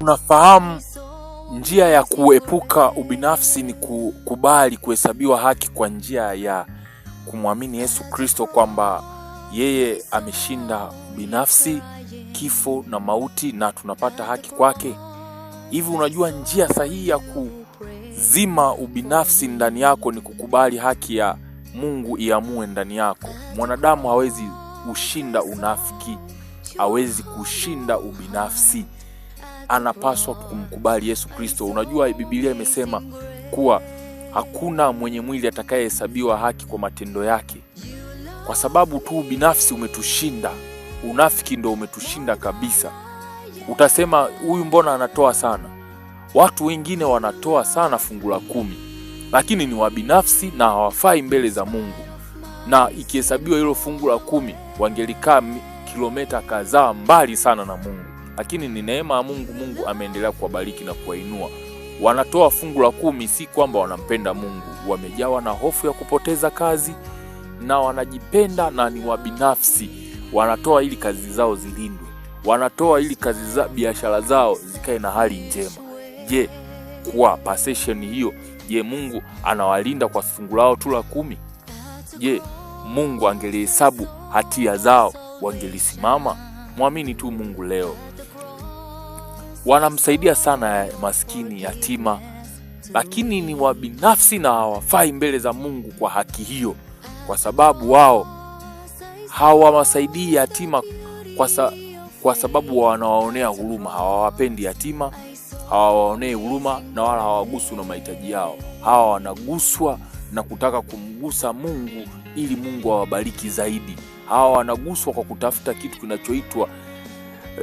Unafahamu, njia ya kuepuka ubinafsi ni kukubali kuhesabiwa haki kwa njia ya kumwamini Yesu Kristo kwamba yeye ameshinda binafsi kifo na mauti, na tunapata haki kwake. Hivi unajua njia sahihi ya kuzima ubinafsi ndani yako ni kukubali haki ya Mungu iamue ndani yako. Mwanadamu hawezi kushinda unafiki, hawezi kushinda ubinafsi anapaswa kumkubali Yesu Kristo. Unajua, Biblia imesema kuwa hakuna mwenye mwili atakayehesabiwa haki kwa matendo yake, kwa sababu tu binafsi umetushinda. Unafiki ndo umetushinda kabisa. Utasema huyu mbona anatoa sana? Watu wengine wanatoa sana fungu la kumi, lakini ni wabinafsi na hawafai mbele za Mungu. Na ikihesabiwa hilo fungu la kumi, wangelikaa kilomita kadhaa mbali sana na Mungu lakini ni neema ya Mungu. Mungu ameendelea kuwabariki na kuwainua. Wanatoa fungu la kumi, si kwamba wanampenda Mungu, wamejawa na hofu ya kupoteza kazi na wanajipenda na ni wabinafsi. Wanatoa ili kazi zao zilindwe, wanatoa ili kazi za biashara zao zikae na hali njema. Je, kwa pasesheni hiyo, je, Mungu anawalinda kwa fungu lao tu la kumi? Je, Mungu angelihesabu hatia zao, wangelisimama? Mwamini tu Mungu leo wanamsaidia sana maskini yatima, lakini ni wabinafsi na hawafai mbele za Mungu kwa haki hiyo, kwa sababu wao hawawasaidii yatima kwa, sa, kwa sababu wanawaonea huruma. Hawawapendi yatima, hawawaonee huruma na wala hawagusu na mahitaji yao. Hawa wanaguswa na kutaka kumgusa Mungu ili Mungu awabariki zaidi. Hawa wanaguswa kwa kutafuta kitu kinachoitwa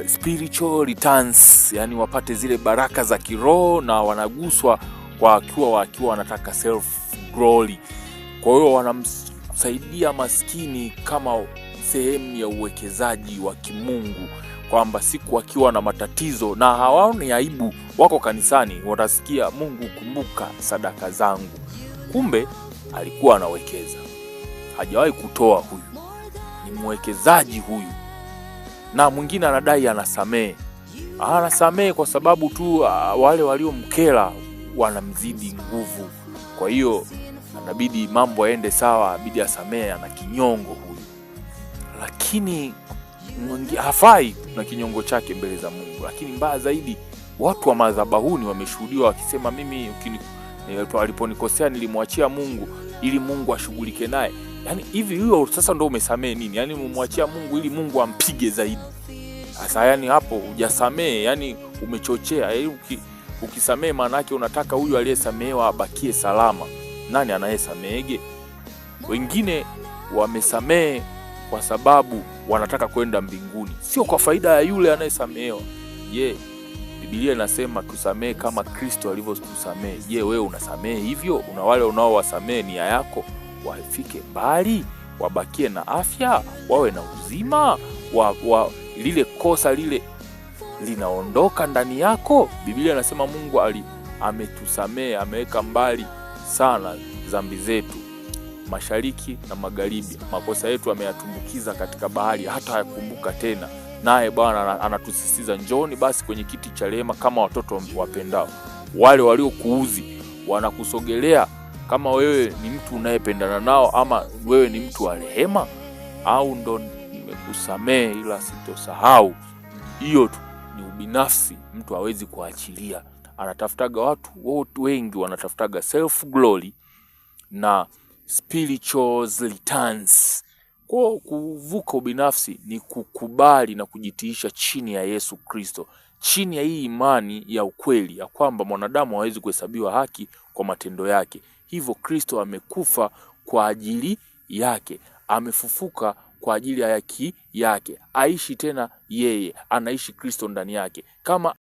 spiritual returns, yani wapate zile baraka za kiroho na wanaguswa kwa wakiwa wakiwa wanataka self glory. Kwa hiyo wanamsaidia maskini kama sehemu ya uwekezaji wa kimungu, kwamba siku wakiwa na matatizo na hawaoni aibu, wako kanisani, watasikia Mungu, kumbuka sadaka zangu. Kumbe alikuwa anawekeza, hajawahi kutoa. Huyu ni mwekezaji huyu na mwingine anadai anasamehe. Anasamehe kwa sababu tu ah, wale waliomkela wanamzidi nguvu, kwa hiyo anabidi mambo aende sawa, abidi asamehe. Ana kinyongo huyu, lakini hafai na kinyongo chake mbele za Mungu. Lakini mbaya zaidi, watu wa madhabahuni wameshuhudiwa wakisema, mimi eh, aliponikosea nilimwachia Mungu ili Mungu ashughulike naye yani hivi huyo sasa ndo umesamee nini? Yani umemwachia Mungu ili Mungu ampige zaidi? Sasa yani hapo hujasamee, yani umechochea. Yani uki, ukisamee maana yake unataka huyu aliyesamehewa abakie salama. Nani anayesameege? Wengine wamesamee kwa sababu wanataka kwenda mbinguni, sio kwa faida ya yule anayesamehewa. Je, yeah. Biblia inasema kusamee kama Kristo alivyokusamee Je, yeah, wewe unasamee hivyo? Una wale unaowasamee nia yako wafike mbali, wabakie na afya, wawe na uzima wa, wa, lile kosa lile linaondoka ndani yako. Biblia anasema Mungu ali ametusamehe, ameweka mbali sana dhambi zetu mashariki na magharibi, makosa yetu ameyatumbukiza katika bahari, hata hayakumbuka tena. Naye Bwana anatusisitiza, njoni basi kwenye kiti cha rehema kama watoto wapendao. Wale waliokuuzi wanakusogelea kama wewe ni mtu unayependana nao, ama wewe ni mtu wa rehema, au ndo nimekusamee ila sitosahau. Hiyo tu ni ubinafsi, mtu hawezi kuachilia. Anatafutaga watu wote, wengi wanatafutaga self glory na spiritual returns. Kwa kuvuka ubinafsi ni kukubali na kujitiisha chini ya Yesu Kristo, chini ya hii imani ya ukweli ya kwamba mwanadamu hawezi kuhesabiwa haki kwa matendo yake. Hivyo Kristo amekufa kwa ajili yake, amefufuka kwa ajili ya haki yake, aishi tena yeye, anaishi Kristo ndani yake kama